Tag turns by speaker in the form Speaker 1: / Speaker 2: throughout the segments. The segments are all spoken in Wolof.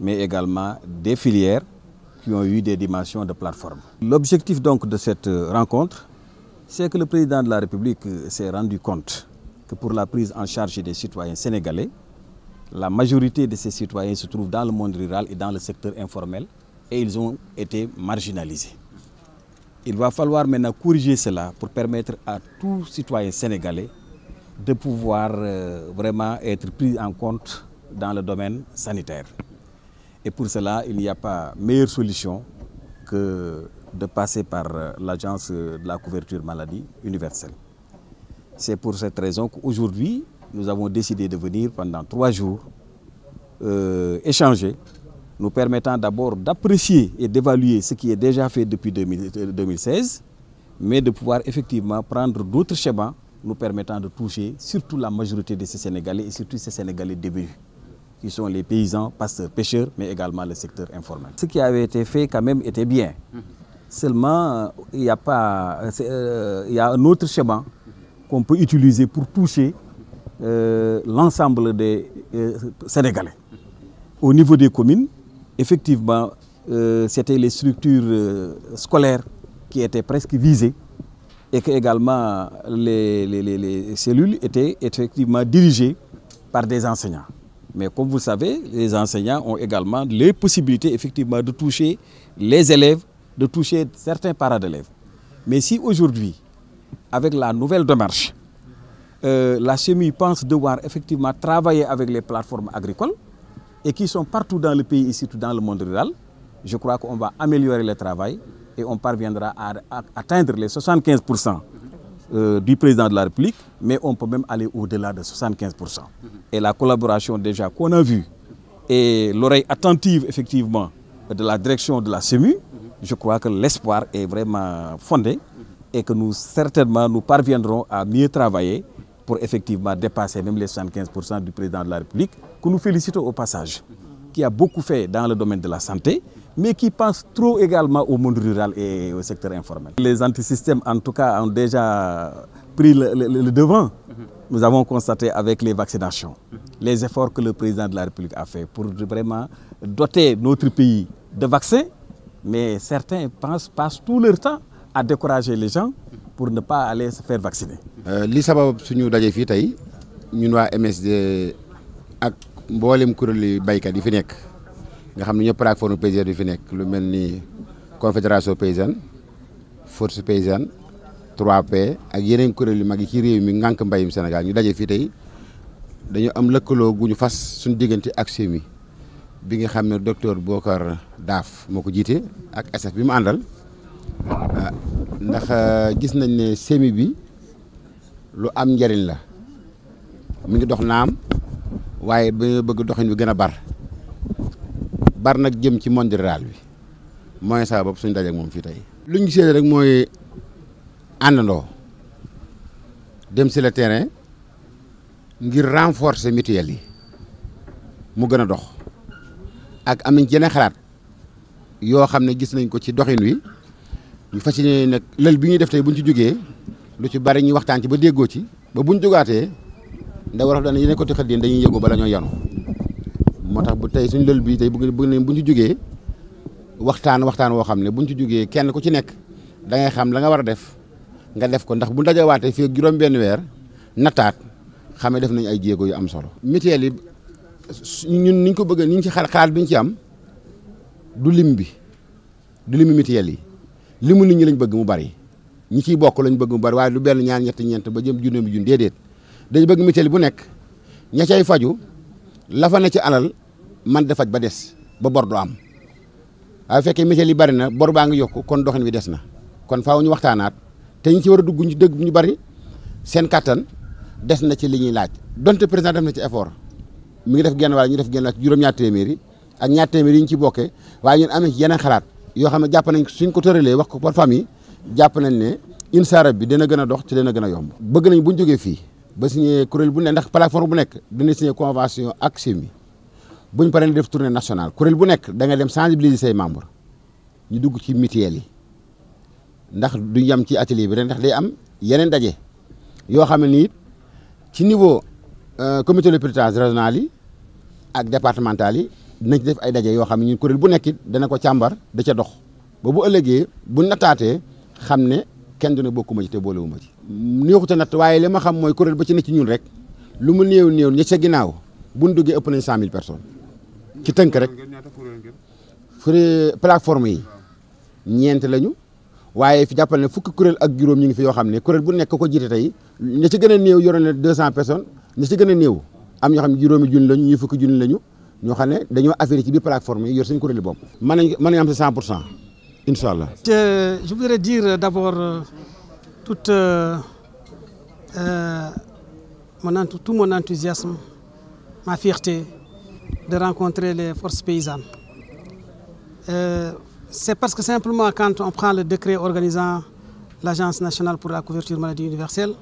Speaker 1: mais également des filières qui ont eu des dimensions de plateforme. L'objectif donc de cette rencontre, c'est que le président de la République euh, s'est rendu compte que pour la prise en charge des citoyens sénégalais, la majorité de ces citoyens se trouvent dans le monde rural et dans le secteur informel et ils ont été marginalisés. Il va falloir maintenant corriger cela pour permettre à tout citoyen sénégalais de pouvoir euh, vraiment être pris en compte dans le domaine sanitaire. Et pour cela, il n'y a pas meilleure solution que de passer par euh, l'agence de la couverture maladie universelle. C'est pour cette raison qu'aujourd'hui, nous avons décidé de venir pendant trois jours euh, échanger, nous permettant d'abord d'apprécier et d'évaluer ce qui est déjà fait depuis 2000, 2016, euh, mais de pouvoir effectivement prendre d'autres schémas nous permettant de toucher surtout la majorité de ces Sénégalais et surtout qui sont les paysans, pasteurs, pêcheurs, mais également le secteur informel. Ce qui avait été fait quand même était bien. Seulement, euh, il y a, euh, y a un autre chemin qu'on peut utiliser pour toucher euh, l'ensemble des euh, Sénégalais. Au niveau des communes, effectivement, euh, c'était les structures scolaires qui étaient presque visées et que également les, les, les, les cellules étaient effectivement dirigées par des enseignants. Mais comme vous le savez, les enseignants ont également les possibilités effectivement de toucher les élèves, de toucher certains parents d'élèves. Mais si aujourd'hui, avec la nouvelle démarche, euh, la CEMI pense devoir effectivement travailler avec les plateformes agricoles et qui sont partout dans le pays et surtout dans le monde rural, je crois qu'on va améliorer le travail et on parviendra à atteindre les 75% euh, du président de la mais on peut même aller au-delà de 75%. Et la collaboration déjà qu'on a vue et l'oreille attentive de la direction de la CEMU, je crois que l'espoir est vraiment fondé et que nous certainement nous parviendrons à mieux travailler pour effectivement dépasser même les 75% du président de la République, que nous félicitons au passage, qui dans le domaine de la santé, mais qui pensent trop également au monde rural et au secteur informel. Les antisystèmes, en tout cas, ont déjà pris le, le, le devant. Mhm. Nous avons constaté avec les vaccinations, mhm. les efforts que le président de la République a fait pour vraiment doter notre pays de vaccins, mais certains pensent, passent tous leur temps à décourager les gens pour ne pas aller se faire vacciner.
Speaker 2: Euh, li sabab suñu daje fii tey ñun waa MSD ak mboolem kuréelu baykat yi fi nekk. nga xam ne ñëpp plateforme paysanne bi fi nekk lu mel ni confédération paysanne force paysanne 3P ak yeneen kuréel yu mag ci réew mi ngànk mbayum Sénégal ñu daje fii tey dañu am lëkkaloo gu ñu fas suñu diggante ak semi bi nga xam ne docteur Bokar Daaf moo ko jiite ak SF bi mu àndal ah, ndax ah, gis nañ ne semi bi lu am njariñ la mu ngi dox naam waaye ba bëgg doxin bi gën a bar bar nag jëm ci monde rural bi mooy saa suñ dajeek moom fii tey lu ñu gisee rek mooy àndandoo dem si le terrain ngir renforcer mutuelle yi mu gën a dox ak am nañ yeneen xalaat yoo xam ne gis nañ ko ci doxin wi ñu fas yéene nag lël bi ñuy def tey bu ñu ci jógee lu ci bari ñu waxtaan ci ba déggoo ci ba bu buñ jógaatee nda war a daan yeneen côté xel dañuy yëngu bala ñoo yanu moo tax bu tey suñ lël bi tey bëgg bëgg nañ bu ñu ci jógee waxtaan waxtaan woo xam ne bu ñu ci jógee kenn ku ci nekk da ngay xam la nga war a def nga def ko ndax bu dajawaatee fii ak weer nattaat xam ne def nañ ay jéego yu am solo. mutuelle yi ñun niñ ko bëgg niñ ci xaar xaar bi ñu ci am du lim bi du limu mutuelle yi limu nit ñi lañ bëgg mu bari ñi ciy bokk lañ bëgg mu bari waaye du benn ñaar ñett ñeent ba jëm junne bi déedéet dañ bëgg mutuelle bu nekk ña cay faju la ci alal. man da faj ba des ba bor du am waaye fekkee métier yi bari na bor baa ngi yokk kon doxin bi des na kon faaw ñu waxtaanaat te ñu ci war a dugg ñu dëgg ñu bari seen kàttan des na ci li ñuy laaj donte président def na ci effort mu ngi def genn wàll ñu def genn wàll ci juróom-ñaar ak ñaar téeméer ñu ci bokkee waaye ñun amee ci yeneen xalaat yoo xam ne jàpp nañ suñ ko tëralee wax ko par fami jàpp nañ ne insa rab bi dana gën a dox ci dana gën a yomb bëgg nañ buñ jógee fii ba kuréel bu ne ndax plateforme bu nekk dina signé convention ak CEMI bu buñ paree def tournée nationale kuréel bu nekk da nga dem sensibiliser say membres ñu dugg ci mutuelle yi ndax du yam ci atelier bi rek ndax day am yeneen daje yoo xam ne nii ci niveau euh, comité de pilotage régional yi ak départemental yi dinañ ci def ay daje yoo xam ne ñun kuréel bu nekk dana ko càmbar da ca dox ba bu ëllëgee bu nattaatee xam ne kenn du ne bokkuma ci te boolewuma ci. néexu ta natt waaye li ma xam mooy kuréel ba ci ne ci ñun rek lu mu néew néew ña ca ginnaaw buñ duggee ëpp nañ cent mille personnes. ci tënk rek plateforme yi ñeent lañu waaye fi jàppal ne fukk kuréel ak juróom ñu ngi fi yoo xam ne kuréel bu nekk ko jiite tey ña ci gën a néew yoroon deux cent personne ña ci gën a néew am ñoo xam ne juróomi junni lañu ñuy fukki junni lañu ñoo xam ne dañoo affaire ci biir plateforme yi yor suñu kuréel yi bopp mën nañ mën nañ si cent pour cent incha allah
Speaker 3: je voudrais dire d'abord euh, toute euh, euh, tout mon enthousiasme ma fierté de rencontrer les forces paysannes. Euh, c'est parce que simplement quand on prend le décret organisant l'Agence nationale pour la couverture maladie universelle,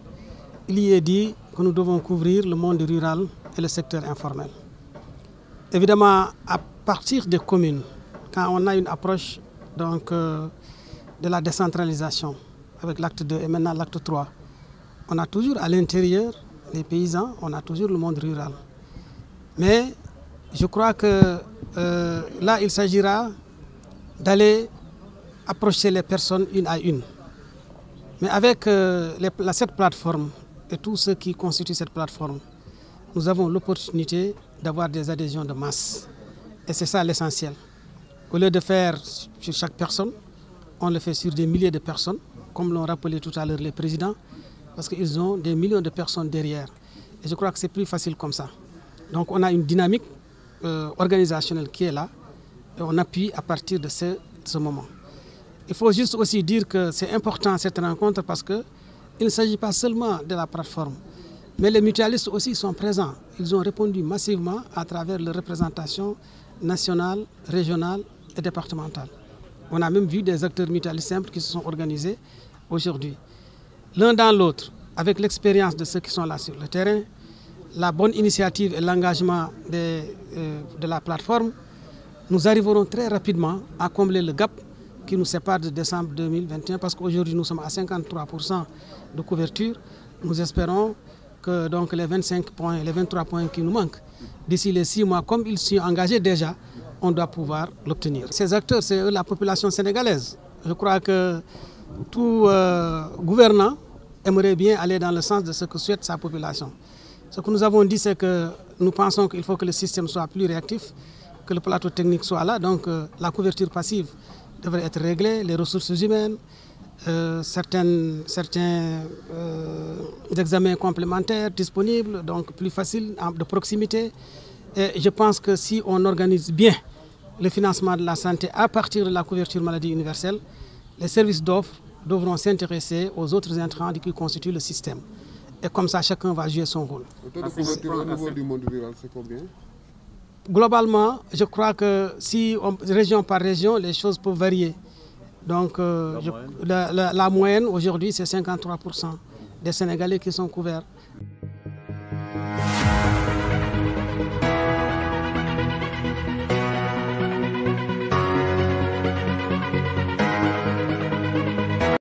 Speaker 3: il y est dit que nous devons couvrir le monde rural et le secteur informel. Évidemment, à partir des communes, quand on a une approche donc, euh, de la décentralisation avec l'acte 2 et maintenant l'acte 3, on a toujours à l'intérieur les paysans, on a toujours le monde rural. Mais je crois que euh, là, il s'agira d'aller approcher les personnes une à une. Mais avec euh, les, la, cette plateforme et tout ce qui constitue cette plateforme, nous avons l'opportunité d'avoir des adhésions de masse. Et c'est ça l'essentiel. Au lieu de faire sur chaque personne, on le fait sur des milliers de personnes, comme l'ont rappelé tout à l'heure les présidents, parce qu'ils ont des millions de personnes derrière. Et je crois que c'est plus facile comme ça. Donc euh, organisationnel qui est là on appuie à partir de ce, ce moment. Il faut juste aussi dire que c'est important cette rencontre parce que il ne s'agit pas seulement de la plateforme, mais les mutualistes aussi sont présents. Ils ont répondu massivement à travers leur représentation nationale, régionale et départementale. On a même vu des acteurs mutualistes simples qui se sont organisés aujourd'hui. L'un dans l'autre, avec l'expérience de ceux qui sont là le terrain, la bonne initiative et l'engagement euh, de la plateforme, nous arriverons très rapidement à combler le gap qui nous sépare de décembre 2021 parce qu'aujourd'hui nous sommes à 53% de couverture. Nous espérons que donc les 25 points, les 23 points qui nous manquent, d'ici les 6 mois, comme ils sont engagés déjà, on doit pouvoir l'obtenir. Ces acteurs, c'est la population sénégalaise. Je crois que tout euh, gouvernant aimerait bien aller dans le sens de ce que souhaite sa population. Ce que nous avons dit, c'est que nous pensons qu'il faut que le système soit plus réactif, que le plateau technique soit là. Donc euh, la couverture passive devrait être réglée, les ressources humaines, euh, certaines, certains euh, examens complémentaires disponibles, donc plus faciles, de proximité. Et je pense que si on organise bien le financement de la santé à partir de la couverture maladie universelle, les services d'offres devront s'intéresser aux autres intrants qui constituent le système. Et comme ça, chacun va jouer son rôle. Globalement, je crois que si on, région par région, les choses peuvent varier. Donc, euh, la, je, moyenne. la, la, la moyenne aujourd'hui, c'est 53% des Sénégalais qui sont couverts.